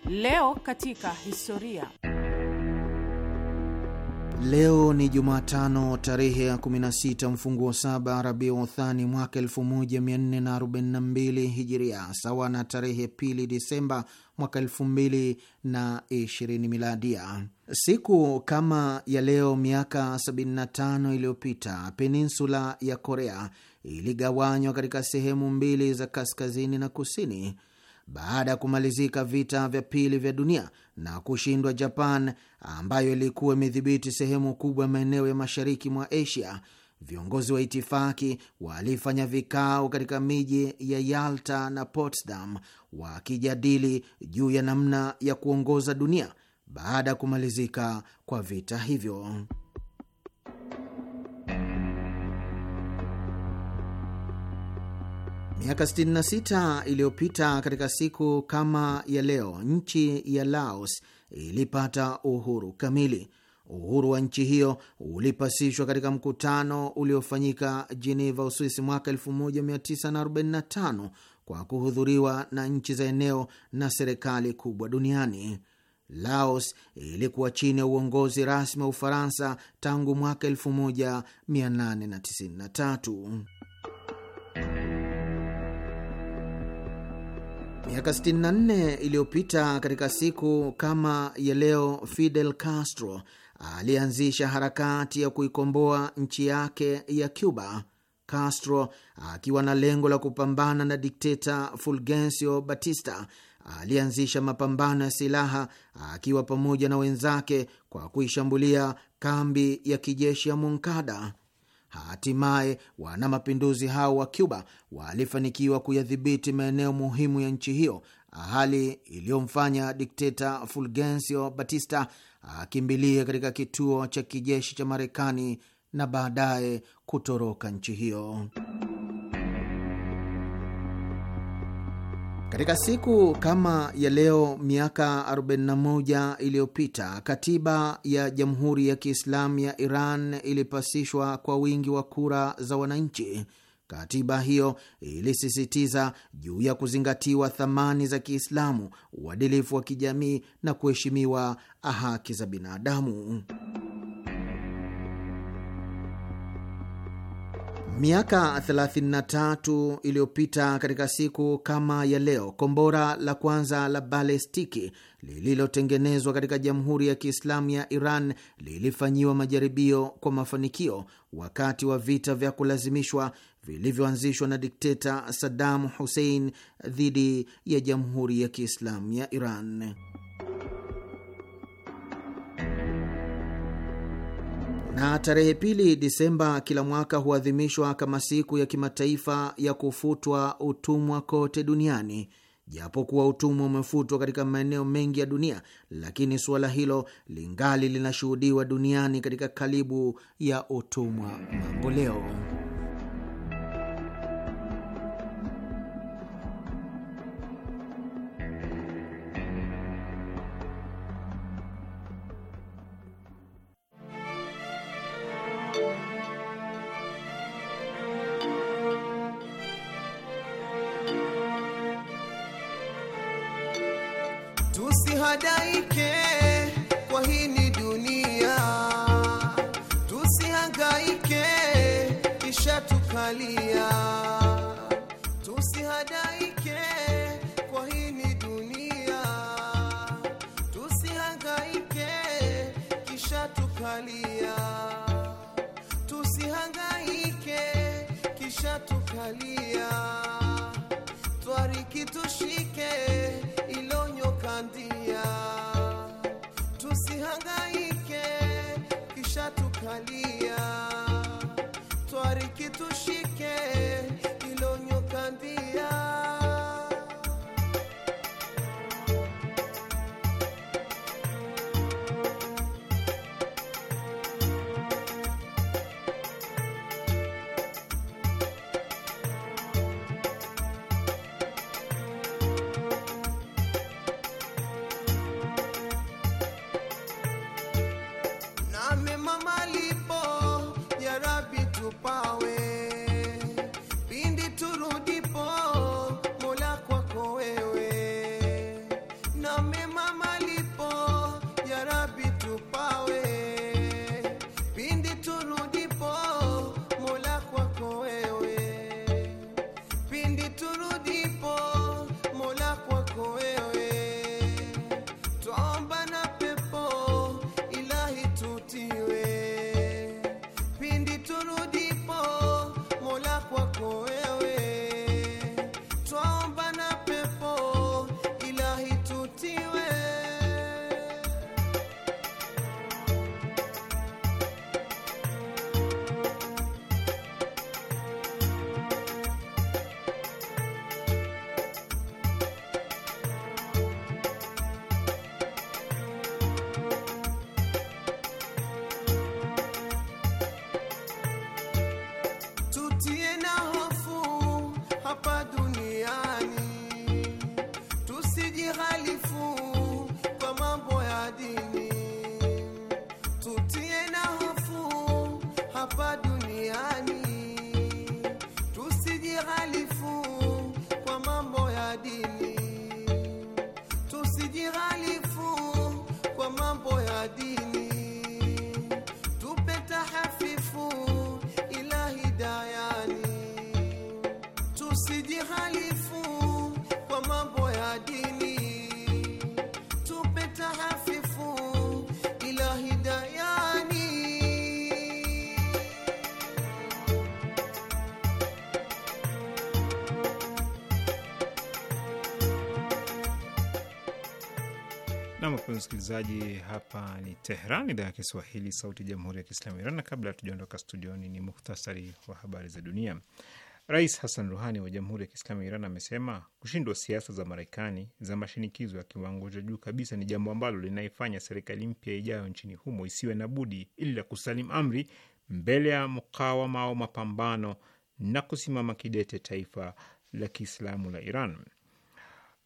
Leo katika historia. Leo ni Jumatano tarehe ya 16 mfunguo saba Rabiu Uthani mwaka 1442 Hijiria, sawa na tarehe pili Disemba mwaka 2020 Miladia. Siku kama ya leo miaka 75 iliyopita peninsula ya Korea iligawanywa katika sehemu mbili za kaskazini na kusini baada ya kumalizika vita vya pili vya dunia na kushindwa Japan ambayo ilikuwa imedhibiti sehemu kubwa ya maeneo ya mashariki mwa Asia, viongozi wa itifaki walifanya vikao katika miji ya Yalta na Potsdam wakijadili juu ya namna ya kuongoza dunia baada ya kumalizika kwa vita hivyo. Miaka 66 iliyopita katika siku kama ya leo, nchi ya Laos ilipata uhuru kamili. Uhuru wa nchi hiyo ulipasishwa katika mkutano uliofanyika Geneva, Uswisi mwaka 1945 kwa kuhudhuriwa na nchi za eneo na serikali kubwa duniani. Laos ilikuwa chini ya uongozi rasmi wa Ufaransa tangu mwaka 1893. Miaka 64 iliyopita katika siku kama ya leo, Fidel Castro alianzisha harakati ya kuikomboa nchi yake ya Cuba. Castro akiwa na lengo la kupambana na dikteta Fulgencio Batista alianzisha mapambano ya silaha akiwa pamoja na wenzake kwa kuishambulia kambi ya kijeshi ya Moncada. Hatimaye wana mapinduzi hao wa Cuba walifanikiwa kuyadhibiti maeneo muhimu ya nchi hiyo, hali iliyomfanya dikteta Fulgencio Batista akimbilie katika kituo cha kijeshi cha Marekani na baadaye kutoroka nchi hiyo. Katika siku kama ya leo miaka 41 iliyopita katiba ya Jamhuri ya Kiislamu ya Iran ilipasishwa kwa wingi wa kura za wananchi. Katiba hiyo ilisisitiza juu ya kuzingatiwa thamani za Kiislamu, uadilifu wa kijamii na kuheshimiwa haki za binadamu. Miaka 33 iliyopita katika siku kama ya leo, kombora la kwanza la balestiki lililotengenezwa katika Jamhuri ya Kiislamu ya Iran lilifanyiwa majaribio kwa mafanikio wakati wa vita vya kulazimishwa vilivyoanzishwa na dikteta Saddam Hussein dhidi ya Jamhuri ya Kiislamu ya Iran. na tarehe pili Disemba kila mwaka huadhimishwa kama siku ya kimataifa ya kufutwa utumwa kote duniani. Japokuwa utumwa umefutwa katika maeneo mengi ya dunia, lakini suala hilo lingali linashuhudiwa duniani katika kalibu ya utumwa mambo leo. Nam, wapenzi msikilizaji, hapa ni Tehran, idhaa ya Kiswahili, sauti ya jamhuri ya kiislamu Iran. Na kabla hatujaondoka studioni, ni muhtasari wa habari za dunia. Rais Hassan Ruhani wa Jamhuri ya Kiislamu ya Iran amesema kushindwa siasa za Marekani za mashinikizo ya kiwango cha juu kabisa ni jambo ambalo linaifanya serikali mpya ijayo nchini humo isiwe na budi ili la kusalim amri mbele ya mkawama au mapambano na kusimama kidete taifa la Kiislamu la Iran.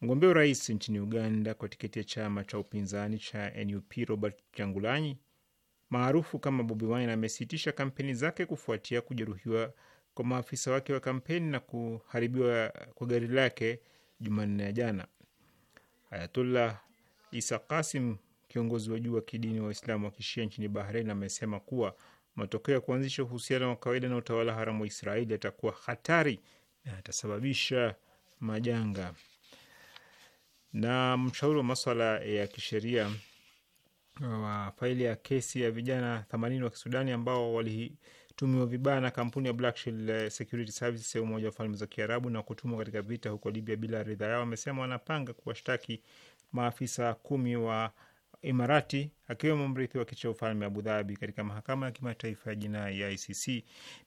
Mgombea urais nchini Uganda kwa tiketi ya chama cha upinzani cha NUP Robert changulanyi maarufu kama Bobi Wine amesitisha kampeni zake kufuatia kujeruhiwa kwa maafisa wake wa kampeni na kuharibiwa kwa gari lake Jumanne ya jana. Ayatullah Isa Kasim, kiongozi wa juu wa kidini wa Waislamu wa kishia nchini Bahrain, amesema kuwa matokeo ya kuanzisha uhusiano wa kawaida na utawala haramu wa Israeli yatakuwa hatari na yatasababisha majanga na mshauri wa maswala ya kisheria wa uh, faili ya kesi ya vijana 80 wa Kisudani ambao walitumiwa vibaya na kampuni ya Black Shield uh, Security Services Umoja wa Falme za Kiarabu na kutumwa katika vita huko Libya bila ridhaa yao, wamesema wanapanga kuwashtaki maafisa kumi wa Imarati akiwemo mrithi wa kiti cha ufalme Abu Dhabi katika mahakama ya kimataifa ya jinai ya ICC.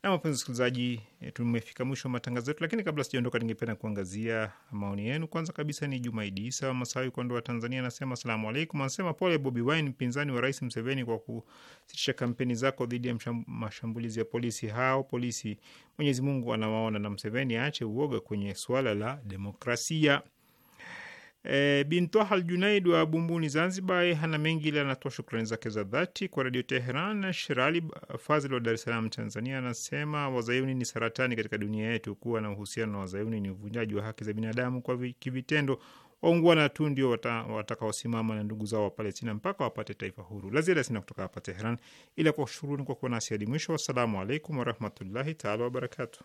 Na wapenzi wasikilizaji, eh, tumefika mwisho wa matangazo yetu, lakini kabla sijaondoka, ningependa kuangazia maoni yenu. Kwanza kabisa ni Jumaidi Isa wa Masawi Kondoa, Tanzania, anasema asalamu alaikum. Anasema pole Bobi Wine, mpinzani wa rais Mseveni, kwa kusitisha kampeni zako dhidi ya mashambulizi ya polisi. Hao polisi Mwenyezi Mungu anawaona, na Mseveni aache uoga kwenye suala la demokrasia. E, Bintwah Al Junaid wa Bumbuni, Zanzibar, hana mengi ila anatoa shukrani zake za dhati kwa redio Teheran. Shirali Fazil wa Dar es Salaam, Tanzania, anasema wazayuni ni saratani katika dunia yetu. Kuwa na uhusiano na wazayuni ni uvunjaji wa haki za binadamu kwa kivitendo. Waungwana na tu ndio watakaosimama na ndugu zao wa Palestina mpaka wapate taifa huru. La ziada sina kutoka hapa Teheran ila kwa shukrani kwa kuwa nasi hadi mwisho. Wassalamu alaikum warahmatullahi taala wabarakatu.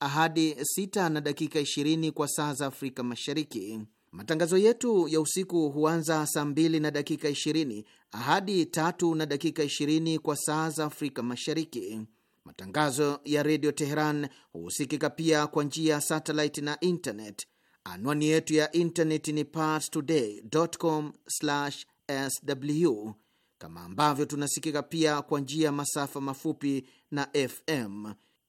hadi 6 na dakika 20 kwa saa za Afrika Mashariki. Matangazo yetu ya usiku huanza saa mbili na dakika 20 hadi tatu na dakika 20 kwa saa za Afrika Mashariki. Matangazo ya Redio Teheran husikika pia kwa njia ya satellite na internet. Anwani yetu ya internet ni parstoday.com/sw, kama ambavyo tunasikika pia kwa njia ya masafa mafupi na FM.